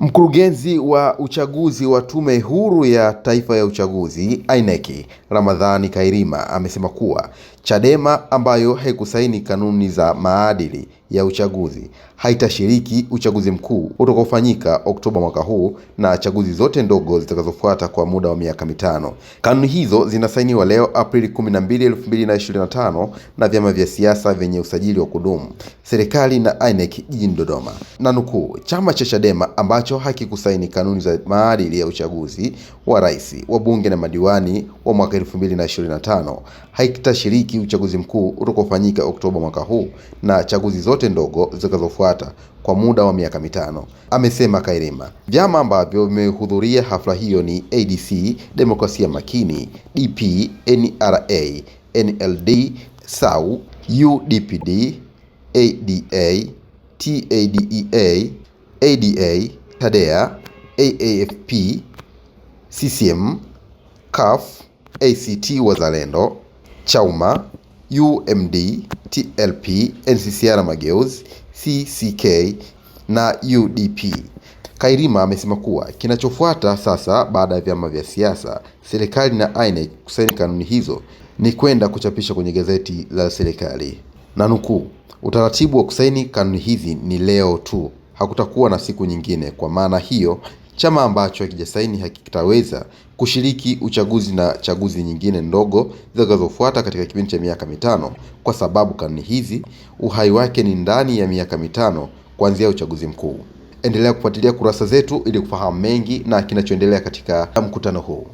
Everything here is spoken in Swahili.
Mkurugenzi wa uchaguzi wa Tume Huru ya Taifa ya Uchaguzi INEC, Ramadhani Kailima amesema kuwa Chadema ambayo haikusaini kanuni za maadili ya uchaguzi haitashiriki uchaguzi mkuu utakaofanyika Oktoba mwaka huu na chaguzi zote ndogo zitakazofuata kwa muda wa miaka mitano. Kanuni hizo zinasainiwa leo Aprili 12, 2025 na vyama vya siasa vyenye usajili wa kudumu, serikali na INEC jijini Dodoma. Na nukuu, chama cha Chadema ambacho hakikusaini kanuni za maadili ya uchaguzi wa rais, wabunge na madiwani wa mwaka 2025 haitashiriki uchaguzi mkuu utakaofanyika Oktoba mwaka huu na chaguzi zote zote ndogo zitakazofuata kwa muda wa miaka mitano, amesema Kailima. Vyama ambavyo vimehudhuria hafla hiyo ni ADC, Demokrasia Makini, DP, NRA, NLD, SAU, UDPD, ADA, TADEA, ADA, TADEA, AAFP, CCM, CUF, ACT Wazalendo, Chauma UMD, TLP, NCCR Mageuzi, CCK na UDP. Kairima amesema kuwa kinachofuata sasa baada ya vyama vya siasa, serikali na INEC kusaini kanuni hizo ni kwenda kuchapisha kwenye gazeti la serikali. Na nukuu, utaratibu wa kusaini kanuni hizi ni leo tu, hakutakuwa na siku nyingine. Kwa maana hiyo chama ambacho hakijasaini hakitaweza kushiriki uchaguzi na chaguzi nyingine ndogo zitakazofuata katika kipindi cha miaka mitano, kwa sababu kanuni hizi uhai wake ni ndani ya miaka mitano kuanzia uchaguzi mkuu. Endelea kufuatilia kurasa zetu ili kufahamu mengi na kinachoendelea katika mkutano huu.